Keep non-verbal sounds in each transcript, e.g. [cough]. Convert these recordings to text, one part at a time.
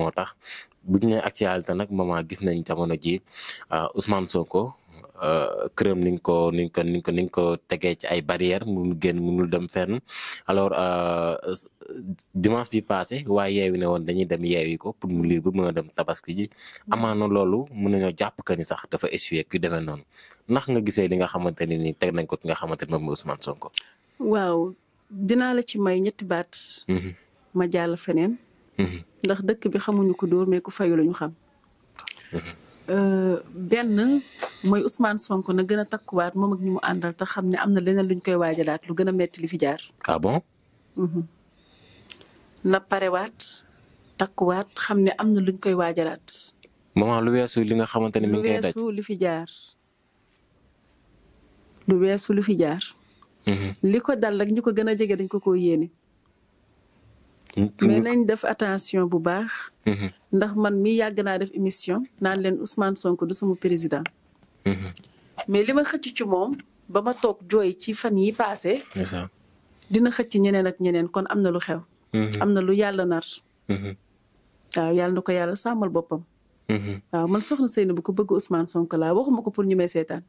moo tax bu ñu nee actualité nag maman gis nañ jamono ji euh, Ousmane Sonko euh, këram niñ ko niñ ko niñ ko niñ ko tegee ci ay barrière mënul génn mënul dem fenn alors euh, dimanche bi passé waaye yeewi ne woon dañuy dem yeewi ko pour mu libre mën a dem tabaski ji amaana loolu mën nañoo jàpp que ni sax dafa essuyer ku demee noonu ndax nga gisee li nga xamante ne ni teg nañ ko ki nga xamante ne moom mooy Ousmane Sonko. waaw dinaa la ci may ñetti baat. Mhm. ma jàll feneen. ndax dëkk bi xamuñu ko dóor mais ku fayu la ñu xam. Euh, benn mooy Ousmane sonk na gën a takkuwaat moom ak ñi mu àndal te xam ne am na leneen luñ koy waajalaat lu gën a metti li fi jaar. ah bon. Mhm. na parewaat takkuwaat xam ne am na luñ koy waajalaat. maman lu weesu li nga xamante ne mi lu weesu li fi jaar. lu weesu li fi jaar. Mhm. li ko dal rek ñu ko gën a jege dañ ko koo yéene. Mm-hmm. mais nañ def attention bu baax. Mm-hmm. ndax man mii yàgg naa def émission naan leen Ousmane Sonko du sama président. Mm-hmm. mais li ma xëcc ci moom ba ma toog jooy ci fan yi paase. dina xëcc ñeneen ak ñeneen kon am na lu xew. am na lu yàlla nar. waaw yàlla na ko yàlla sàmmal boppam. waaw man soxna Seyna bu ko bëgg Ousmane sonk laa waxuma ko pour ñu may seetaan.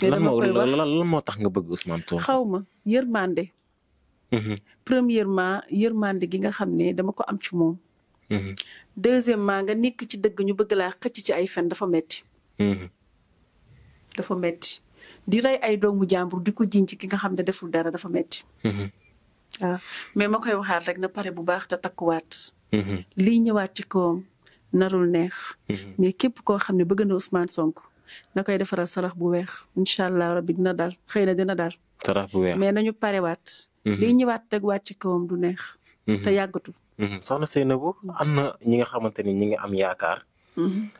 lan moo lan moo tax nga bëgg Ousmane Sonko. xaw ma yërmande. Mm-hmm. premièrement yërmande gi nga xam ne dama ko am ci moom. Mm-hmm. deuxièmement nga nekk ci dëgg ñu bëgg laa xëcc ci ay fen dafa metti mm-hmm. dafa metti di rey ay doomu jàmbur di ko jiñ ci ki nga xam ne deful dara dafa metti waaw ah, mais ma koy waxaat rek na pare bu baax te takkuwaat. lii ñëwaat ci kawam narul neex. mais képp koo xam ne bëgg na Ousmane sonk na koy defaral sarax bu weex incha allah rabbi dina dal xëy na dina dal. sarax na ñu mais nañu parewaat. Mhm. liy ñëwaat waat ci kawam du neex. Mhm. te yàggatu. Mhm. soxna Seynabou am na ñi nga xamante ni ñi ngi am yaakaar.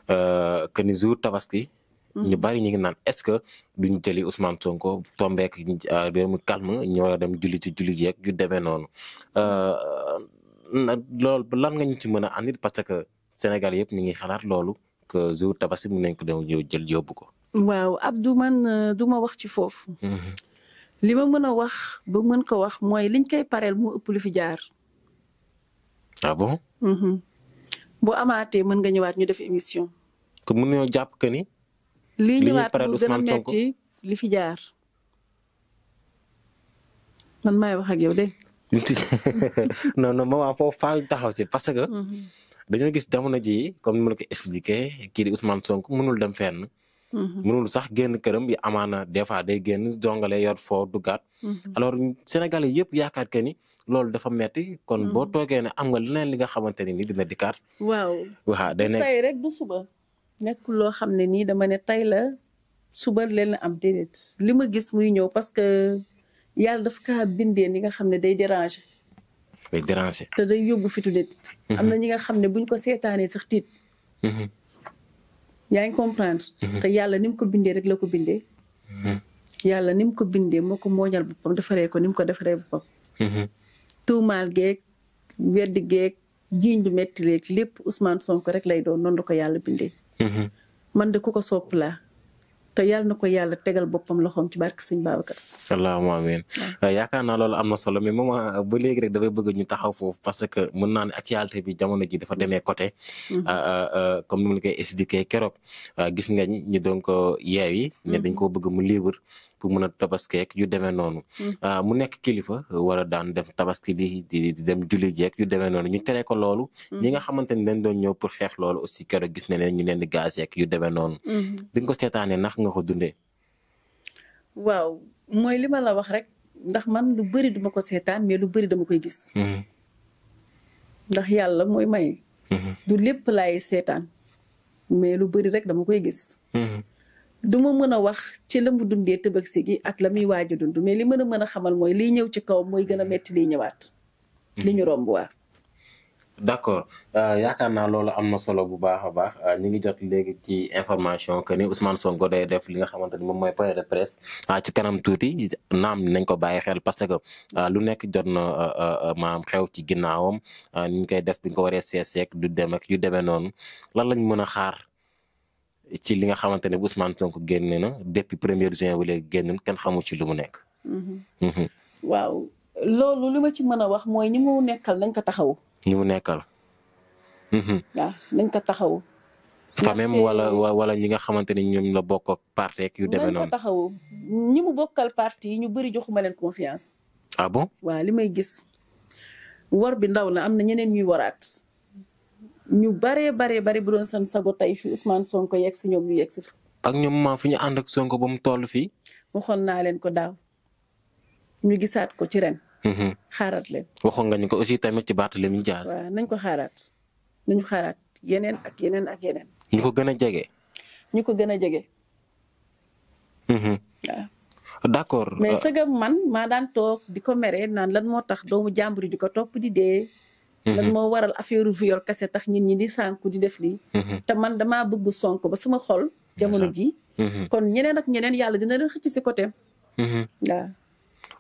Euh, que ni jour tabaski. ñu bari ñu ngi naan est-ce que duñ jëli Ousmane Sonko tombeek euh, réew mi calme ñoo dem julli ci julli yeeg yu demee noonu euh, loolu lan nga ñu ci mën a andil parce que Sénégal yëpp ñu ngi xalaat loolu que jour tabaski mu nañ ko dem jël yóbbu ko. waaw Abdou man du wax ci foofu. li ma mën a wax ba mën ko wax mooy liñ koy pareel moo ëpp lu fi jaar. ah bon. Mhm. boo amaatee mën nga ñëwaat ñu def émission. que mën nañoo jàpp que ni. lii ñëwaat mu gën a metti li fi jaar. man maay wax ak yow de. [laughs] non non maman foofu faa taxaw si parce que. Mhm. dañoo gis jamono ji comme ni ma la ko expliqué kii di Ousmane Sonko mënul dem fenn. Mm-hmm. mënul sax génn këram yi amaana des fois day génn jongale yor foo duggaat. Mm-hmm. alors Sénégalais yëpp yaakaar que ni loolu dafa metti kon boo mm-hmm. toogee ne am nga leneen li nga xamante ne ni dina dikkaat. waaw waaw day nekk rek suba. nekkul loo xam ne nii dama ne tey la suba leen am déedéet li ma gis muy ñëw parce que yàlla daf ka bindee ni nga xam ne day déranger. day te day yóbbu fitu nit. am na ñi nga xam ne buñ ko seetaanee sax tiit. yaa ngi comprendre. Mhm. te yàlla ni ko bindee rek la ko bindee. Mhm. yàlla ni mu ko bindee moo ko mooñal boppam defaree ko ni ko defaree boppam. Mhm. tuumaal geek weddi geek jiiñ lu metti lépp Ousmane Sonko rek lay doon noonu la ko yàlla bindee. man de ko sopp laa. te yàlla na ko yàlla tegal boppam loxoom ci barke sëñ Babacar Si. allahumma amiin euh, yaakaar naa loolu am na solo mais maman euh, ba léegi rek dafay bëgg ñu taxaw foofu parce que mën naa ne actualité bi jamono ji dafa demee côté. Mm-hmm. Euh, comme ni ma la koy expliqué keroog gis nga ñu donc yeew yi. ne mm-hmm. dañ koo bëgg mu libre pour mën a tabaskeek yu demee noonu. Mm. Ah, mu nekk kilifa euh, war daan dem tabaski di di dem julli jeeg yu demee noonu ñu tere ko loolu. Mm. ñi nga xamante ni dañ doon ñëw pour xeex loolu aussi keroog gis nañ leen ñu leen di gaz yeeg yu demee noonu. Mm-hmm. bi nga ko seetaanee ndax nga ko dundee. waaw mooy li ma la wax rek ndax man lu bëri duma ko seetaan mais lu bari dama koy gis. Mm-hmm. ndax yàlla mooy may. Mm-hmm. du seetaan dama koy gis. du ma mën a wax ci la mu dundee Tabaski gi ak la muy waaj a dund mais li mën a mën a xamal mooy liy ñëw ci kaw mooy gën a mm-hmm. metti liy ñëwaat mm-hmm. li ñu romb waa d' accord euh, yaakaar naa loolu am na solo bu baax a baax euh, ñu ngi jot léegi ci information que ni Ousmane Sonko day def li nga xamante ni moom mooy point de presse euh, ci kanam tuuti naam nañ ko bàyyi xel parce que lu nekk jot na maam xew ci ginnaawam ni ñu koy def bi nga ko waree seeseek du dem ak yu demee noonu lan lañ mën a xaar. ci li nga xamante ne Ousmane Sonko génne na depuis premier juin ba léegi génn kenn xamul ci lu mu nekk. Mhm. Mhm. waaw loolu li ma ci mën a wax mooy ñi mu nekkal nañ ko taxaw. ñi mu nekkal. Mhm. waaw nañ ko taxaw. famem wala wala ñi nga xamante ni ñoom la bokk ak parti ak yu demee noonu. taxawu ñi mu bokkal parti yi ñu bëri joxuma leen confiance. ah bon waaw li may gis. war bi ndaw la am na ñeneen ñuy waraat. ñu baree baree bari bu seen sago tay fi Ousmane Sonko yegg si ñoom ñu yegg si fa. ak ñoom maa fi ñu ànd ak Sonko ba mu toll fii. waxoon naa leen ko daaw ñu gisaat ko ci ren. Mhm. xaaraat leen. waxoon nga ñu ko aussi tamit ci Barthélémy Dias. waaw nañ ko xaaraat nañu xaaraat yeneen ak yeneen ak yeneen. ñu ko gën a jege. ñu ko gën a jege. Mhm. waaw. accord. mais euh, sëgam man maa daan toog di ko meree naan lan moo tax doomu jàmbur yi di ko topp di dee. lan mhm. moo waral affaire viol kese tax ñit ñi di sànku di def lii mhm. te man damaa bëgg sonk ba sama xol jamono ji mhm. kon ñeneen ak ñeneen yàlla dina leen xëcc ci côté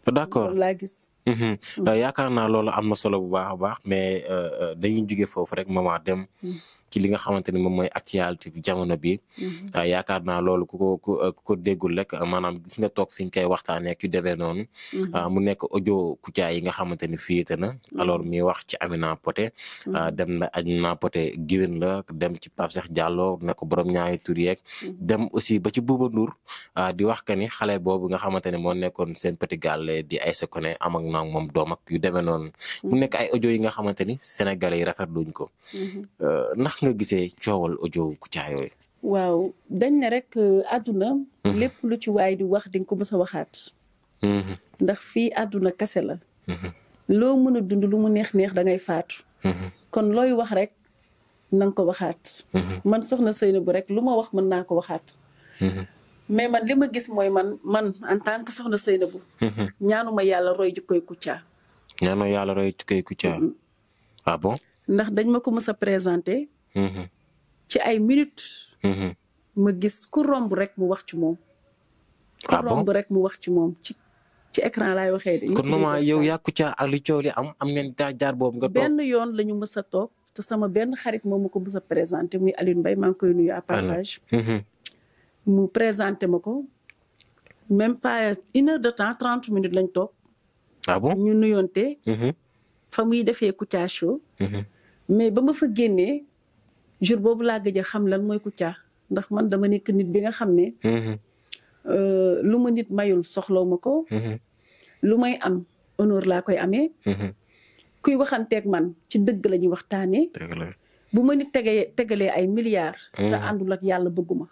waaw d'accord laa gis Mm-hmm. Mm. Euh, yaakaar naa loolu am na solo bu baax a baax mais euh, euh, dañuy jóge foofu rek maman dem. Mm. ci li nga xamante ni moom mooy actualité bi jamono bi mm-hmm. yaakaar naa loolu ku ko ku ko déggul rek maanaam gis nga toog fi ñu koy waxtaanee ak yu demee noonu. Mm-hmm. mu nekk audio Kouthia yi nga xamante ni féete na. alors mi wax ci Amina Poté. dem na Amina Poté giwén la dem ci Pape Cheikh Diallo ne ko borom ñaari tur yeeg. dem aussi ba ci Bouba Ndour di wax que ni xale boobu nga xamante ne nekkoon seen petit di ay sa ak moom doom ak yu demee noonu. mu nekk ay audio yi nga xamante ni sénégalais yi rafetluñ ko. Mhm. Euh, ndax nga gisee coowal audio Kouthia yooyu. waaw dañ ne rek euh, àdduna. Mhm. lépp lu ci waay di wax di nga ko mës a waxaat. Mhm. ndax fii adduna kese la. loo mën a dund lu mu neex neex da ngay faatu. kon looy wax rek na ko waxaat. man soxna Seynabou rek lu ma wax mën naa ko waxaat. mais man li ma gis mooy man man en tant que soxna Seynabou. Mhm. ñaanuma yàlla roy jikkoy Kouthia. ñaanuma yàlla roy jikkoy Kouthia. Mm-hmm. ah bon. ndax dañ ma ko mës a présenté. Mhm. ci ay minutes. Mhm. ma gis ku romb rek mu wax ci moom. ah bon rek mu wax ci moom ci ci écran laay waxee. de kon maman yow yaa Kouthia ak li coow li am am ngeen jaar jaar boobu nga. benn yoon la ñu mës a toog te sama benn xarit moom ma ko mës a présenté muy Alioune Mbaye maa ngi koy nuyu à passage. mu présenté ma ko même pas une heure de temps trente minutes lañ toog. ah ñu nuyonte. Mm-hmm. fa muy defee Kouthia Show. Mm-hmm. mais ba ma fa génnee jour boobu laa gëj xam lan mooy Kouthia ndax man dama nekk nit bi nga xam ne. Mm-hmm. Euh, lu ma nit mayul soxlaw ma ko. lu may am honneur laa koy amee. kuy waxanteeg man ci dëgg la ñuy waxtaanee. bu ma nit tegee tegalee ay milliards. te àndul yàlla bëgguma.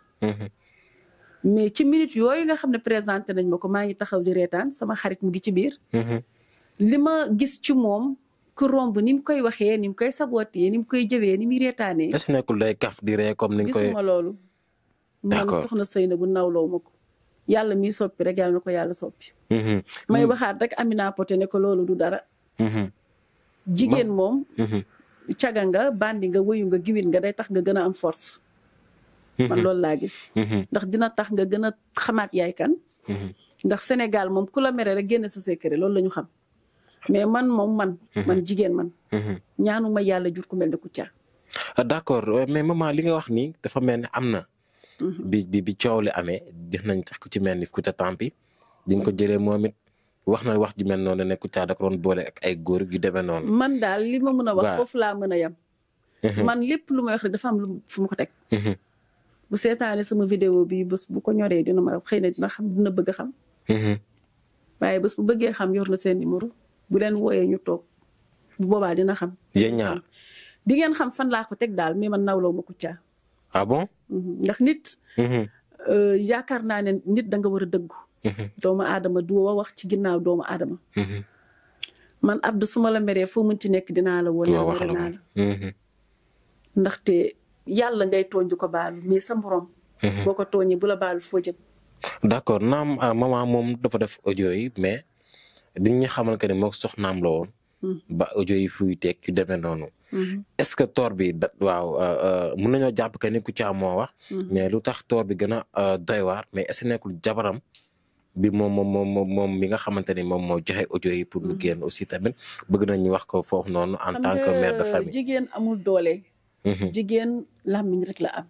mais ci minute yooyu nga xam ne présenté nañ ma ko maa ngi taxaw di reetaan sama xarit mu ngi ci biir. Mm-hmm. li ma gis ci moom ku romb ni mu koy waxee ni mu koy sabootee ni mu koy jëwee ni muy reetaanee. est-ce nekkul day kaf di ree comme ni nga koy gisuma loolu. man soxna Seynabou nawloo ma ko. yàlla miy soppi rek yàlla na ko yàlla soppi. Mm-hmm. may mm-hmm. waxaat rek Amina Poté ne ko loolu du dara. jigéen moom. caga nga bandi nga wayu nga giwin nga day tax nga gën a am force. man mhm. loolu laa gis. Mhm. ndax dina tax nga gën a xamaat yaay kan. Mhm. ndax Sénégal moom ku la mere rek génn sa secret loolu lañu ñu xam mais man moom man. man jigéen man. ñaanuma yàlla jur ku mel ne Kouthia. d'accord mais maman li nga wax nii dafa mel ni am na. bi bi bi coow li amee def nañ tax ku ci mel ni Kouthia Tampi bi nga ko jëlee moom it wax na wax ju mel noonu ne Kouthia da ko boole ak ay góor gi demee noonu. man daal li ma mën a wax. foofu laa mën a yem. man lépp lu may wax rek dafa am lu fu ma ko teg. bu seetaane sama vidéo bi bés bu ko ñoree dina ma xëy na dina xam dina bëgg a xam. Mm-hmm. waaye bés bu bëggee xam yor na seen numéro bu leen wooyee ñu toog bu boobaa dina xam. yéen di ngeen xam fan laa ko teg daal mais man nawloo ma Kouthia. ah bon. Mm-hmm. ndax nit. Mm-hmm. Euh, yaakaar naa ne nit da nga war a dëggu. doomu aadama du wa wax ci ginnaaw doomu aadama. man Abdou su ma la meree foo mënti nekk dinaa la woo. waaw wax la yàlla ngay tooñ du ko baalu mais sa morom. Mhm. boo ko tooñee bu la baalu foo jëm. d' accord naam ah, maman moom dafa def audio yi mais dañ ñu xamal que ne moom soxnaam la woon. Mm. ba audio yi fuy teg ci demee noonu. Mm-hmm. est ce que toor bi da waaw euh, euh, mën nañoo jàpp que ni ku Kouthia moo wax. Mm-hmm. mais lu tax toor bi gën a euh, doy waar mais est ce que nekkul jabaram. bi moom moom mi nga xamante ni moom moo joxe audio yi pour mu mm-hmm. génn aussi tamit bëgg ñu wax ko foofu noonu en tant que mère de famille jigéen amul Mm-hmm. jigéen làmmiñ rek la am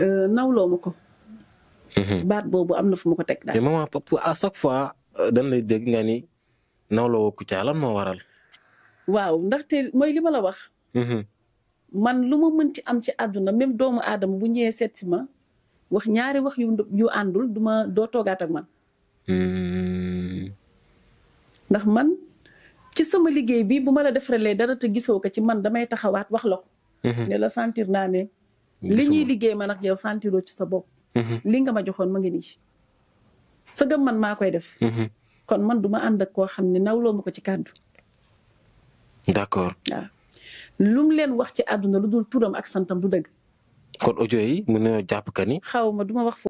euh, nawloo ma ko mm-hmm. baat boobu am na fu ma ko teg daal mais maman à chaque fois euh, dañ lay dégg nga ni nawloo Kouthia lan moo waral waaw ndaxte mooy li ma la wax mm-hmm. man lu ma mënti am ci àdduna même doomu aadama bu ñëwee seet ma wax ñaari wax yu yu àndul du ma doo toogaat man ndax man ci sama liggéey bi bu ma la defaralee dara te gisoo ko ci man damay taxawaat wax la ko. Mhm. ne la sentir naa ne. li ñuy liggéey man ak yow sentiroo ci sa bopp. Mhm. li nga ma joxoon ma ngi nii. sa gëm man maa koy def. Mhm. kon man du ma ànd ak koo xam ne nawloo ma ko ci kàddu. d'accord waaw lu leen wax ci àdduna lu dul turam ak santam du dëgg. kon audio yi mën na jàpp ka ni. xaw ma du ma wax.